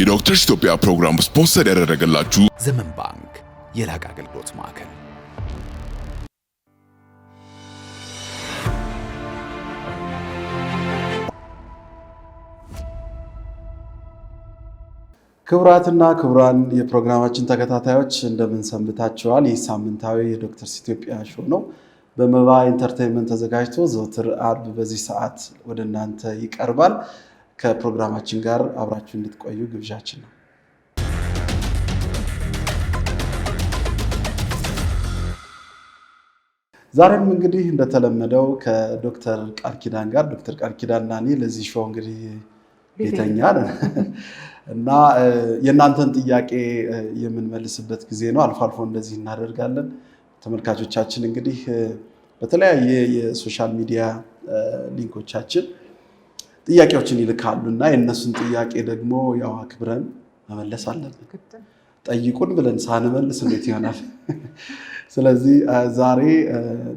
የዶክተርስ ኢትዮጵያ ፕሮግራም ስፖንሰር ያደረገላችሁ ዘመን ባንክ የላቅ አገልግሎት ማዕከል። ክቡራትና ክቡራን የፕሮግራማችን ተከታታዮች እንደምን ሰንብታችኋል? ይህ ሳምንታዊ የዶክተርስ ኢትዮጵያ ሾው ነው። በመባ ኢንተርቴንመንት ተዘጋጅቶ ዘውትር አርብ በዚህ ሰዓት ወደ እናንተ ይቀርባል። ከፕሮግራማችን ጋር አብራችሁ እንድትቆዩ ግብዣችን ነው። ዛሬም እንግዲህ እንደተለመደው ከዶክተር ቃል ኪዳን ጋር ዶክተር ቃል ኪዳን እና እኔ ለዚህ ሾው እንግዲህ ቤተኛ እና የእናንተን ጥያቄ የምንመልስበት ጊዜ ነው። አልፎ አልፎ እንደዚህ እናደርጋለን። ተመልካቾቻችን እንግዲህ በተለያየ የሶሻል ሚዲያ ሊንኮቻችን ጥያቄዎችን ይልካሉ እና የእነሱን ጥያቄ ደግሞ ያው አክብረን መመለስ አለብን። ጠይቁን ብለን ሳንመልስ እንዴት ይሆናል? ስለዚህ ዛሬ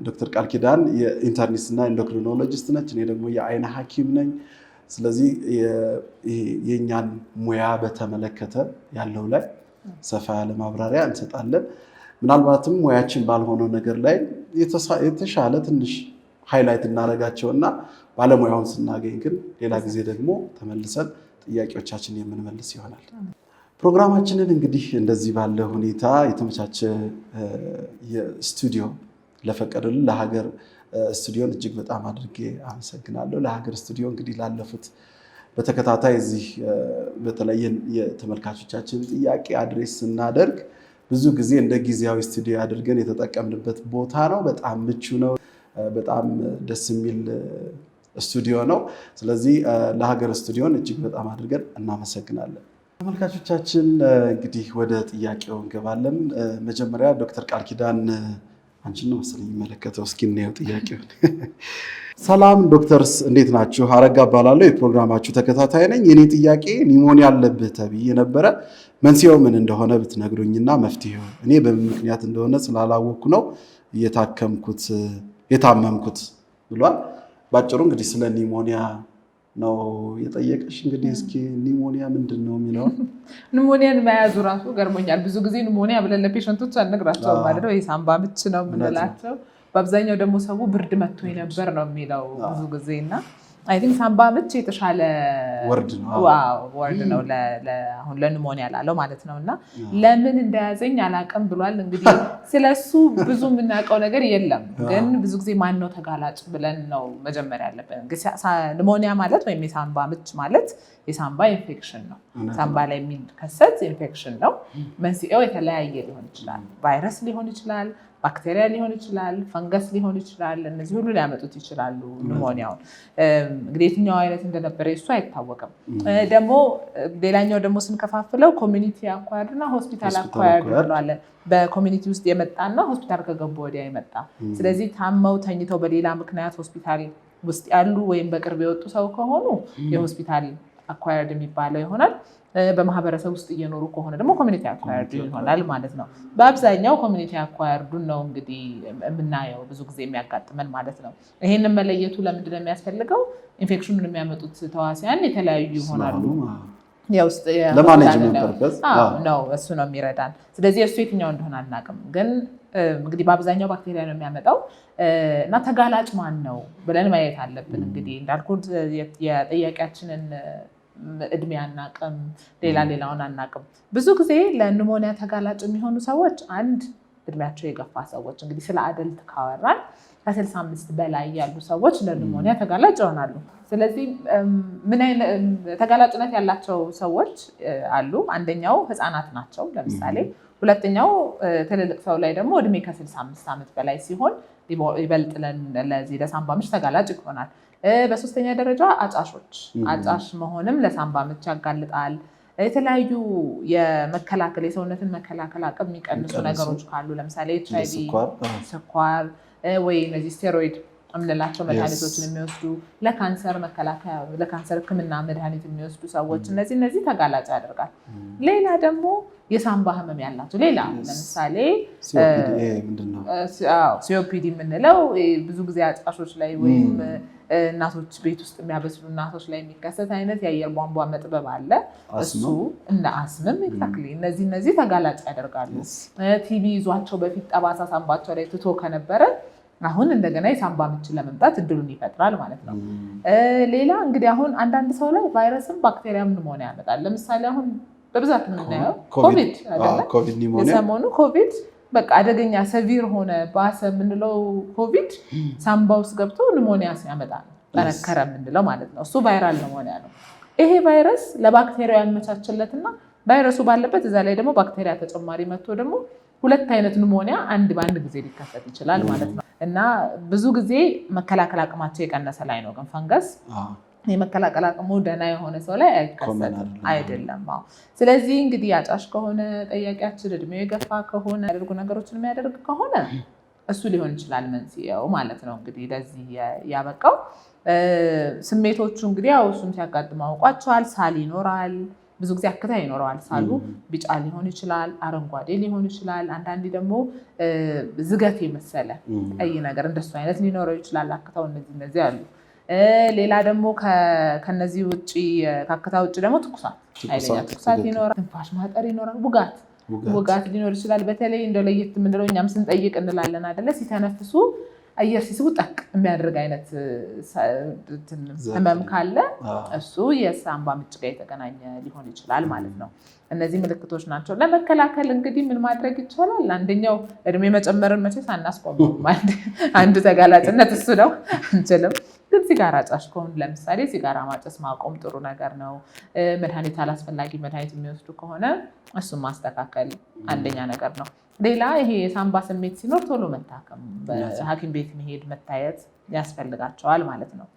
ዶክተር ቃል ኪዳን የኢንተርኒስትና ኢንዶክሪኖሎጂስት ነች። እኔ ደግሞ የአይነ ሐኪም ነኝ። ስለዚህ የእኛን ሙያ በተመለከተ ያለው ላይ ሰፋ ያለ ማብራሪያ እንሰጣለን። ምናልባትም ሙያችን ባልሆነው ነገር ላይ የተሻለ ትንሽ ሃይላይት እና ባለሙያውን ስናገኝ ግን ሌላ ጊዜ ደግሞ ተመልሰን ጥያቄዎቻችን የምንመልስ ይሆናል። ፕሮግራማችንን እንግዲህ እንደዚህ ባለ ሁኔታ የተመቻቸ ስቱዲዮ ለፈቀደልን ለሀገር ስቱዲዮን እጅግ በጣም አድርጌ አመሰግናለሁ። ለሀገር ስቱዲዮ እንግዲህ ላለፉት በተከታታይ እዚህ በተለይ የተመልካቾቻችን ጥያቄ አድሬስ ስናደርግ ብዙ ጊዜ እንደ ጊዜያዊ ስቱዲዮ አድርገን የተጠቀምንበት ቦታ ነው። በጣም ምቹ ነው። በጣም ደስ የሚል ስቱዲዮ ነው። ስለዚህ ለሀገር ስቱዲዮን እጅግ በጣም አድርገን እናመሰግናለን። ተመልካቾቻችን እንግዲህ ወደ ጥያቄው እንገባለን። መጀመሪያ ዶክተር ቃል ኪዳን አንቺን ነው መሰለኝ የሚመለከተው። እስኪ እናየው ጥያቄውን። ሰላም ዶክተርስ፣ እንዴት ናችሁ? አረጋ እባላለሁ የፕሮግራማችሁ ተከታታይ ነኝ። የኔ ጥያቄ ኒሞኒያ አለብህ ተብዬ ነበረ። መንስኤው ምን እንደሆነ ብትነግሩኝና መፍትሄው። እኔ በምን ምክንያት እንደሆነ ስላላወቅኩ ነው እየታከምኩት የታመምኩት ብሏል። ባጭሩ እንግዲህ ስለ ኒሞኒያ ነው የጠየቀሽ። እንግዲህ እስኪ ኒሞኒያ ምንድን ነው የሚለውን ኒሞኒያን መያዙ ራሱ ገርሞኛል። ብዙ ጊዜ ኒሞኒያ ብለን ለፔሸንቶች አነግራቸው ማለት ነው። የሳምባ ምች ነው የምንላቸው። በአብዛኛው ደግሞ ሰው ብርድ መቶ ነበር ነው የሚለው ብዙ ጊዜ እና አይ ቲንክ ሳምባ ምች የተሻለ ወርድ ነው አሁን ለኒሞኒያ ላለው ማለት ነው። እና ለምን እንደያዘኝ አላቅም ብሏል። እንግዲህ ስለሱ ብዙ የምናውቀው ነገር የለም፣ ግን ብዙ ጊዜ ማን ነው ተጋላጭ ብለን ነው መጀመሪያ ያለብን። ኒሞኒያ ማለት ወይም የሳምባ ምች ማለት የሳምባ ኢንፌክሽን ነው። ሳምባ ላይ የሚከሰት ኢንፌክሽን ነው። መንስኤው የተለያየ ሊሆን ይችላል። ቫይረስ ሊሆን ይችላል ባክቴሪያ ሊሆን ይችላል፣ ፈንገስ ሊሆን ይችላል። እነዚህ ሁሉ ሊያመጡት ይችላሉ ኒሞኒያውን። እንግዲህ የትኛው አይነት እንደነበረ እሱ አይታወቅም። ደግሞ ሌላኛው ደግሞ ስንከፋፍለው ኮሚኒቲ አኳያርድ እና ሆስፒታል አኳያርድ እንለዋለን። በኮሚኒቲ ውስጥ የመጣና ሆስፒታል ከገቡ ወዲያ የመጣ ስለዚህ ታመው ተኝተው በሌላ ምክንያት ሆስፒታል ውስጥ ያሉ ወይም በቅርብ የወጡ ሰው ከሆኑ የሆስፒታል አኳያርድ የሚባለው ይሆናል። በማህበረሰብ ውስጥ እየኖሩ ከሆነ ደግሞ ኮሚኒቲ አኳየርዱ ይሆናል ማለት ነው። በአብዛኛው ኮሚኒቲ አኳየርዱን ነው እንግዲህ የምናየው ብዙ ጊዜ የሚያጋጥመን ማለት ነው። ይሄንን መለየቱ ለምንድን ነው የሚያስፈልገው? ኢንፌክሽኑን የሚያመጡት ተዋሲያን የተለያዩ ይሆናሉ። ነው እሱ ነው የሚረዳን። ስለዚህ እሱ የትኛው እንደሆነ አናውቅም ግን እንግዲህ በአብዛኛው ባክቴሪያ ነው የሚያመጣው እና ተጋላጭ ማን ነው ብለን ማየት አለብን። እንግዲህ እንዳልኩት የጥያቄያችንን እድሜ አናቅም፣ ሌላ ሌላውን አናቅም። ብዙ ጊዜ ለኒሞኒያ ተጋላጭ የሚሆኑ ሰዎች አንድ እድሜያቸው የገፋ ሰዎች እንግዲህ ስለ አደልት ካወራል 6 አምስት በላይ ያሉ ሰዎች ለኒሞኒያ ተጋላጭ ይሆናሉ። ስለዚህ ምን ተጋላጭነት ያላቸው ሰዎች አሉ? አንደኛው ህፃናት ናቸው ለምሳሌ። ሁለተኛው ትልልቅ ሰው ላይ ደግሞ እድሜ ከ አምስት ዓመት በላይ ሲሆን ይበልጥ ለዚህ ለሳምባ ምች ተጋላጭ ይሆናል። በሶስተኛ ደረጃ አጫሾች አጫሽ መሆንም ለሳምባ ምች ያጋልጣል። የተለያዩ የመከላከል የሰውነትን መከላከል አቅም የሚቀንሱ ነገሮች ካሉ ለምሳሌ ኤች አይ ቪ፣ ስኳር ወይ እነዚህ ስቴሮይድ የምንላቸው መድኃኒቶችን የሚወስዱ ለካንሰር መከላከያ ለካንሰር ሕክምና መድኃኒት የሚወስዱ ሰዎች mm. እነዚህ እነዚህ ተጋላጭ ያደርጋል። mm. ሌላ ደግሞ የሳንባ ህመም ያላቸው ሌላ ለምሳሌ ሲኦፒዲ የምንለው ብዙ ጊዜ አጫሾች ላይ ወይም mm. እናቶች ቤት ውስጥ የሚያበስሉ እናቶች ላይ የሚከሰት አይነት የአየር ቧንቧ መጥበብ አለ። እሱ እንደ አስምም ይታክል። እነዚህ እነዚህ ተጋላጭ ያደርጋሉ። ቲቪ ይዟቸው በፊት ጠባሳ ሳንባቸው ላይ ትቶ ከነበረ አሁን እንደገና የሳምባ ምችን ለመምጣት እድሉን ይፈጥራል ማለት ነው። ሌላ እንግዲህ አሁን አንዳንድ ሰው ላይ ቫይረስም ባክቴሪያም ኒሞኒያ ያመጣል። ለምሳሌ አሁን በብዛት የምናየው ኮቪድ የሰሞኑ ኮቪድ በቃ አደገኛ ሰቪር ሆነ ባሰ የምንለው ኮቪድ ሳምባ ውስጥ ገብቶ ኒሞኒያ ሲያመጣ ነው ጠነከረ የምንለው ማለት ነው። እሱ ቫይራል ኒሞኒያ ነው። ይሄ ቫይረስ ለባክቴሪያ ያመቻችለትና ቫይረሱ ባለበት እዛ ላይ ደግሞ ባክቴሪያ ተጨማሪ መጥቶ ደግሞ ሁለት አይነት ኒሞኒያ አንድ በአንድ ጊዜ ሊከሰት ይችላል ማለት ነው እና ብዙ ጊዜ መከላከል አቅማቸው የቀነሰ ላይ ነው ግን ፈንገስ የመከላከል አቅሙ ደህና የሆነ ሰው ላይ አይከሰትም፣ አይደለም። ስለዚህ እንግዲህ አጫሽ ከሆነ ጠያቂያችን እድሜው የገፋ ከሆነ ያደርጉ ነገሮችን የሚያደርግ ከሆነ እሱ ሊሆን ይችላል መንስኤው ማለት ነው። እንግዲህ ለዚህ ያበቃው ስሜቶቹ እንግዲህ ያው እሱም ሲያጋጥም አውቋቸዋል። ሳል ይኖራል ብዙ ጊዜ አክታ ይኖረዋል። ሳሉ ቢጫ ሊሆን ይችላል፣ አረንጓዴ ሊሆን ይችላል። አንዳንዴ ደግሞ ዝገት የመሰለ ቀይ ነገር እንደሱ አይነት ሊኖረው ይችላል። አክታው እነዚህ እነዚህ አሉ። ሌላ ደግሞ ከነዚህ ውጭ ከአክታ ውጭ ደግሞ ትኩሳት፣ ኃይለኛ ትኩሳት ይኖራል። ትንፋሽ ማጠር ይኖራል። ውጋት ውጋት ሊኖር ይችላል። በተለይ እንደለየት ለየት የምንለው እኛም ስንጠይቅ እንላለን አደለ ሲተነፍሱ አየር ሲስቡ ጠቅ የሚያደርግ አይነት ህመም ካለ እሱ የሳንባ ምች ጋር የተገናኘ ሊሆን ይችላል ማለት ነው። እነዚህ ምልክቶች ናቸው። ለመከላከል እንግዲህ ምን ማድረግ ይቻላል? አንደኛው እድሜ መጨመርን መቼ አናስቆመውም። አንድ ተጋላጭነት እሱ ነው፣ አንችልም ግን ሲጋራ ጫሽ ከሆኑ ለምሳሌ ሲጋራ ማጨስ ማቆም ጥሩ ነገር ነው። መድኃኒት አላስፈላጊ መድኃኒት የሚወስዱ ከሆነ እሱን ማስተካከል አንደኛ ነገር ነው። ሌላ ይሄ የሳንባ ስሜት ሲኖር ቶሎ መታከም፣ በሐኪም ቤት መሄድ መታየት ያስፈልጋቸዋል ማለት ነው።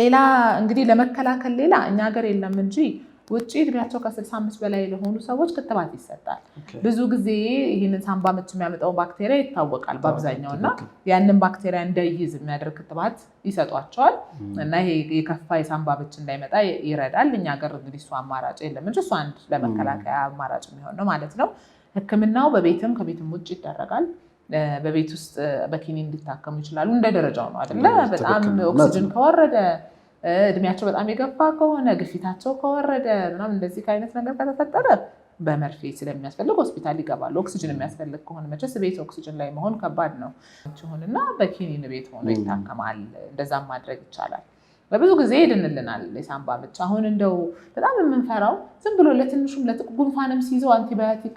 ሌላ እንግዲህ ለመከላከል ሌላ እኛ ሀገር የለም እንጂ ውጭ እድሜያቸው ከ65 በላይ ለሆኑ ሰዎች ክትባት ይሰጣል። ብዙ ጊዜ ይህንን ሳምባ ምች የሚያመጣው ባክቴሪያ ይታወቃል በአብዛኛው እና ያንን ባክቴሪያ እንዳይይዝ የሚያደርግ ክትባት ይሰጧቸዋል እና ይሄ የከፋ የሳምባ ምች እንዳይመጣ ይረዳል። እኛ ሀገር እንግዲህ እሱ አማራጭ የለም እንጂ እሱ አንድ ለመከላከያ አማራጭ የሚሆን ነው ማለት ነው። ህክምናው በቤትም ከቤትም ውጭ ይደረጋል። በቤት ውስጥ በኪኒ እንዲታከሙ ይችላሉ። እንደ ደረጃው ነው አይደለ? በጣም ኦክሲጅን ከወረደ እድሜያቸው በጣም የገፋ ከሆነ ግፊታቸው ከወረደ ምናምን እንደዚህ ከአይነት ነገር ከተፈጠረ በመርፌ ስለሚያስፈልግ ሆስፒታል ይገባሉ። ኦክሲጅን የሚያስፈልግ ከሆነ መቼስ ቤት ኦክሲጅን ላይ መሆን ከባድ ነው ሆንና በኪኒን ቤት ሆኖ ይታከማል። እንደዛም ማድረግ ይቻላል። በብዙ ጊዜ ይድንልናል የሳምባ ምች። አሁን እንደው በጣም የምንፈራው ዝም ብሎ ለትንሹም ለጉንፋንም ሲይዘው አንቲባዮቲክ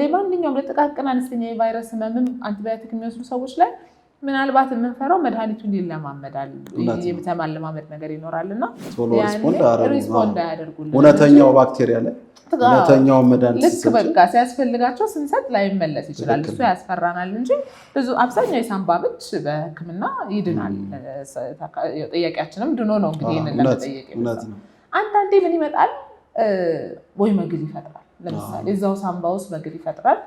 ለማንኛውም ለጥቃቅን አነስተኛ የቫይረስ ህመምም አንቲባዮቲክ የሚወስዱ ሰዎች ላይ ምናልባት የምንፈራው መድኃኒቱ ሊለማመዳል ለማመድ ነገር ይኖራል እና ሪስፖንድ አያደርጉልን እውነተኛው ባክቴሪያ ላይ እውነተኛው መድኃኒት ልክ በቃ ሲያስፈልጋቸው ስንሰጥ ላይመለስ ይችላል። እሱ ያስፈራናል እንጂ ብዙ አብዛኛው የሳንባ ምች በሕክምና ይድናል። ጥያቄያችንም ድኖ ነው እንግዲህ ይህንን ለመጠየቅ አንዳንዴ ምን ይመጣል ወይ መግል ይፈጥራል። ለምሳሌ እዛው ሳንባ ውስጥ መግል ይፈጥራል።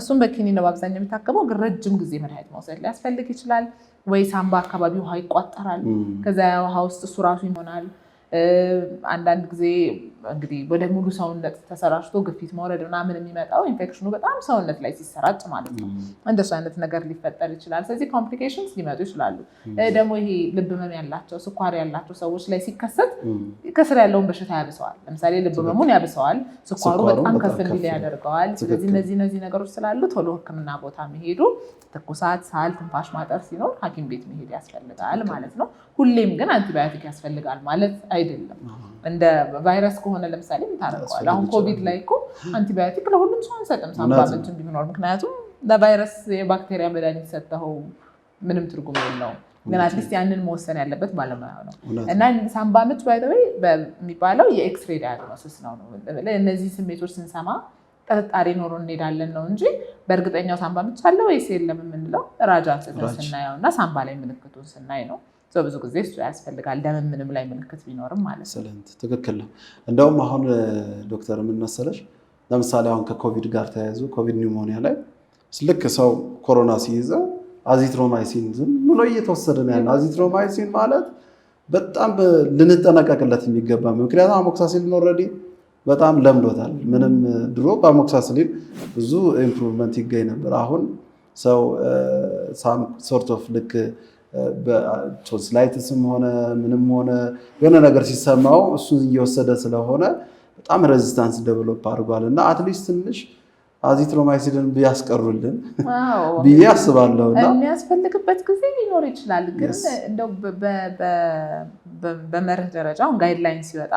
እሱም በኪኒ ነው በአብዛኛው የሚታከመው። ግን ረጅም ጊዜ መድኃኒት መውሰድ ሊያስፈልግ ይችላል። ወይ ሳምባ አካባቢ ውሃ ይቋጠራል። ከዚያ ውሃ ውስጥ እሱ ራሱ ይሆናል። አንዳንድ ጊዜ እንግዲህ ወደ ሙሉ ሰውነት ተሰራጭቶ ግፊት መውረድ ምናምን የሚመጣው ኢንፌክሽኑ በጣም ሰውነት ላይ ሲሰራጭ ማለት ነው። እንደሱ አይነት ነገር ሊፈጠር ይችላል። ስለዚህ ኮምፕሊኬሽንስ ሊመጡ ይችላሉ። ደግሞ ይሄ ልብ ህመም ያላቸው ስኳር ያላቸው ሰዎች ላይ ሲከሰት ከስር ያለውን በሽታ ያብሰዋል። ለምሳሌ ልብ ህመሙን ያብሰዋል፣ ስኳሩ በጣም ከፍ እንዲል ያደርገዋል። ስለዚህ እነዚህ እነዚህ ነገሮች ስላሉ ቶሎ ህክምና ቦታ መሄዱ ትኩሳት፣ ሳል፣ ትንፋሽ ማጠር ሲኖር ሐኪም ቤት መሄድ ያስፈልጋል ማለት ነው። ሁሌም ግን አንቲባዮቲክ ያስፈልጋል ማለት አይደለም። እንደ ቫይረስ ከሆነ ለምሳሌ ታረቀዋል። አሁን ኮቪድ ላይ እኮ አንቲባዮቲክ ለሁሉም ሰው አንሰጥም፣ ሳምባችን ቢኖር ምክንያቱም ለቫይረስ የባክቴሪያ መድኃኒት ሰጠኸው ምንም ትርጉም የለውም። ግን አትሊስት ያንን መወሰን ያለበት ባለሙያ ነው እና ሳምባ ምች ባይተወ የሚባለው የኤክስሬ ዳያግኖሲስ ነው። ነው እነዚህ ስሜቶች ስንሰማ ጥርጣሬ ኖሮ እንሄዳለን ነው እንጂ በእርግጠኛው ሳምባ ምች አለ ወይስ የለም የምንለው ራጃ ስናየው እና ሳምባ ላይ ምልክቱን ስናይ ነው። ብዙ ጊዜ እሱ ያስፈልጋል ምንም ላይ ምልክት ቢኖርም ማለት ነው። ትክክል ነው። እንደውም አሁን ዶክተር ምን መሰለሽ፣ ለምሳሌ አሁን ከኮቪድ ጋር ተያይዞ ኮቪድ ኒውሞኒያ ላይ ልክ ሰው ኮሮና ሲይዘው አዚትሮማይሲን ዝም ብሎ እየተወሰደ ነው ያለ። አዚትሮማይሲን ማለት በጣም ልንጠነቀቅለት የሚገባ ምክንያቱም አሞክሳሲሊን ኦልሬዲ በጣም ለምዶታል። ምንም ድሮ በአሞክሳሲሊን ብዙ ኢምፕሩቭመንት ይገኝ ነበር። አሁን ሰው ሳም ሶርት ኦፍ ልክ ቶንስላይትስም ሆነ ምንም ሆነ የሆነ ነገር ሲሰማው እሱን እየወሰደ ስለሆነ በጣም ሬዚስታንስ ደቨሎፕ አድርጓል እና አትሊስት ትንሽ አዚትሮማይሲድን ቢያስቀሩልን ብዬ አስባለሁ። የሚያስፈልግበት ጊዜ ሊኖር ይችላል። ግን እንደው በመርህ ደረጃ አሁን ጋይድላይን ሲወጣ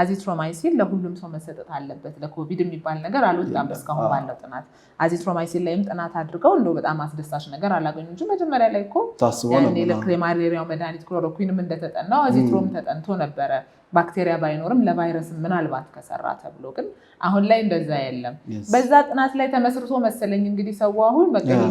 አዚትሮማይሲን ለሁሉም ሰው መሰጠት አለበት። ለኮቪድ የሚባል ነገር አልወጣም እስካሁን ባለው ጥናት። አዚትሮማይሲን ላይም ጥናት አድርገው እንደው በጣም አስደሳች ነገር አላገኙ እንጂ መጀመሪያ ላይ እኮ ልክ የማሌሪያው መድኃኒት ክሎሮኩዊንም እንደተጠናው አዚትሮም ተጠንቶ ነበረ ባክቴሪያ ባይኖርም ለቫይረስ ምናልባት ከሰራ ተብሎ ግን አሁን ላይ እንደዛ የለም። በዛ ጥናት ላይ ተመስርቶ መሰለኝ እንግዲህ ሰው አሁን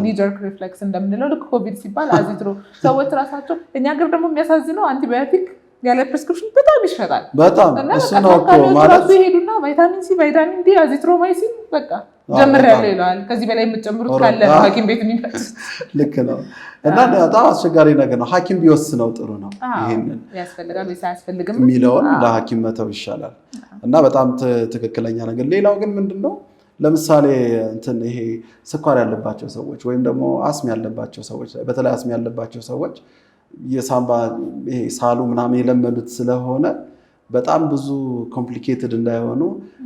ኒጀርክ ሪፍሌክስ እንደምንለው ልክ ኮቪድ ሲባል አዚትሮ ሰዎች ራሳቸው እኛ ግር ደግሞ የሚያሳዝነው አንቲባዮቲክ ያለ ፕሪስክሪፕሽን በጣም ይሸጣል። በጣም እሱ ነው እኮ ማለት ይሄዱና ቫይታሚን ሲ፣ ቫይታሚን ዲ፣ አዚትሮማይሲን በቃ ጀምሬያለሁ ይለዋል። ከዚህ በላይ የምትጨምሩት ካለ ሐኪም ቤት የሚመጡት ልክ ነው። እና በጣም አስቸጋሪ ነገር ነው። ሐኪም ቢወስነው ጥሩ ነው። ይሄንን ያስፈልጋል አያስፈልግም የሚለውን ለሐኪም መተው ይሻላል። እና በጣም ትክክለኛ ነገር። ሌላው ግን ምንድን ነው ለምሳሌ እንትን ይሄ ስኳር ያለባቸው ሰዎች ወይም ደግሞ አስም ያለባቸው ሰዎች በተለይ አስም ያለባቸው ሰዎች የሳምባ ሳሉ ምናምን የለመዱት ስለሆነ በጣም ብዙ ኮምፕሊኬትድ እንዳይሆኑ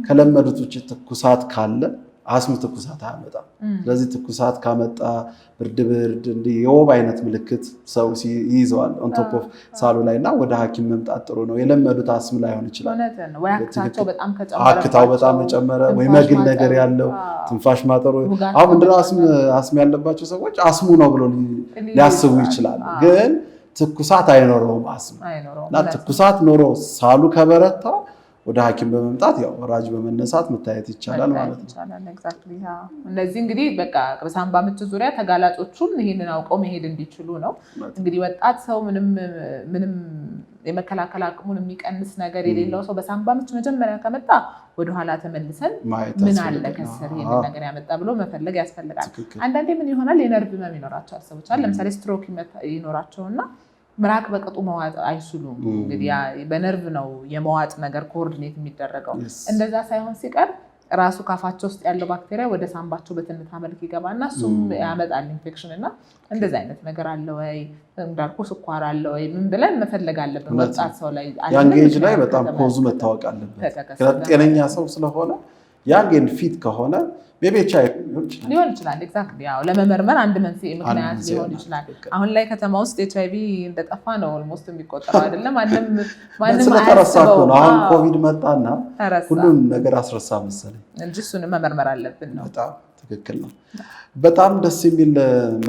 ከለመዱት ውጭ ትኩሳት ካለ አስም ትኩሳት አያመጣም። ስለዚህ ትኩሳት ካመጣ ብርድ ብርድ እንዲህ የወብ አይነት ምልክት ሰው ይይዘዋል ኦንቶፕ ሳሉ ላይ እና ወደ ሐኪም መምጣት ጥሩ ነው። የለመዱት አስም ላይሆን ይችላል። አክታው በጣም የጨመረ ወይ መግል ነገር ያለው ትንፋሽ ማጠሩ አሁን ምንድነው አስም ያለባቸው ሰዎች አስሙ ነው ብሎ ሊያስቡ ይችላል ግን ትኩሳት አይኖረውም አስም እና ትኩሳት ኖሮ ሳሉ ከበረታ ወደ ሐኪም በመምጣት ያው ወራጅ በመነሳት መታየት ይቻላል ማለት ነው። እነዚህ እንግዲህ በቃ በሳምባ ምች ዙሪያ ተጋላጮቹን ይህንን አውቀው መሄድ እንዲችሉ ነው። እንግዲህ ወጣት ሰው ምንም የመከላከል አቅሙን የሚቀንስ ነገር የሌለው ሰው በሳምባ ምች መጀመሪያ ከመጣ ወደኋላ ተመልሰን ምን አለ ከስር ይህንን ነገር ያመጣ ብሎ መፈለግ ያስፈልጋል። አንዳንዴ ምን ይሆናል የነርቭ ህመም ይኖራቸዋል ሰዎች ለምሳሌ ስትሮክ ይኖራቸውና ምራቅ በቅጡ መዋጥ አይችሉም። እንግዲህ በነርቭ ነው የመዋጥ ነገር ኮኦርዲኔት የሚደረገው። እንደዛ ሳይሆን ሲቀር ራሱ ካፋቸው ውስጥ ያለው ባክቴሪያ ወደ ሳንባቸው በትንታ መልክ ይገባና እሱም ያመጣል ኢንፌክሽን እና እንደዚህ አይነት ነገር አለ ወይ እንዳልኩ ስኳር አለ ወይ ምን ብለን መፈለግ አለብን። ወጣት ሰው ላይ ያንጌጅ ላይ በጣም ኮዙ መታወቅ አለበት። ጤነኛ ሰው ስለሆነ ያንጌን ፊት ከሆነ ቤቤቻ ሊሆን ይችላል። ኤግዛክትሊ ያው ለመመርመር አንድ መንስኤ ምክንያት ሊሆን ይችላል። አሁን ላይ ከተማ ውስጥ ኤች አይቪ እንደጠፋ ነው ኦልሞስት የሚቆጠረው አይደለም። ማንም ማንም ነው። አሁን ኮቪድ መጣና ሁሉም ነገር አስረሳ መሰለኝ እንጂ እሱንም መመርመር አለብን ነው። በጣም ትክክል ነው። በጣም ደስ የሚል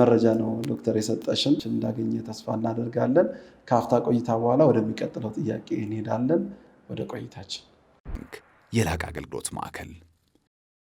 መረጃ ነው ዶክተር የሰጠሽን። እንዳገኘ ተስፋ እናደርጋለን። ከአፍታ ቆይታ በኋላ ወደሚቀጥለው ጥያቄ እንሄዳለን። ወደ ቆይታችን የላቀ አገልግሎት ማዕከል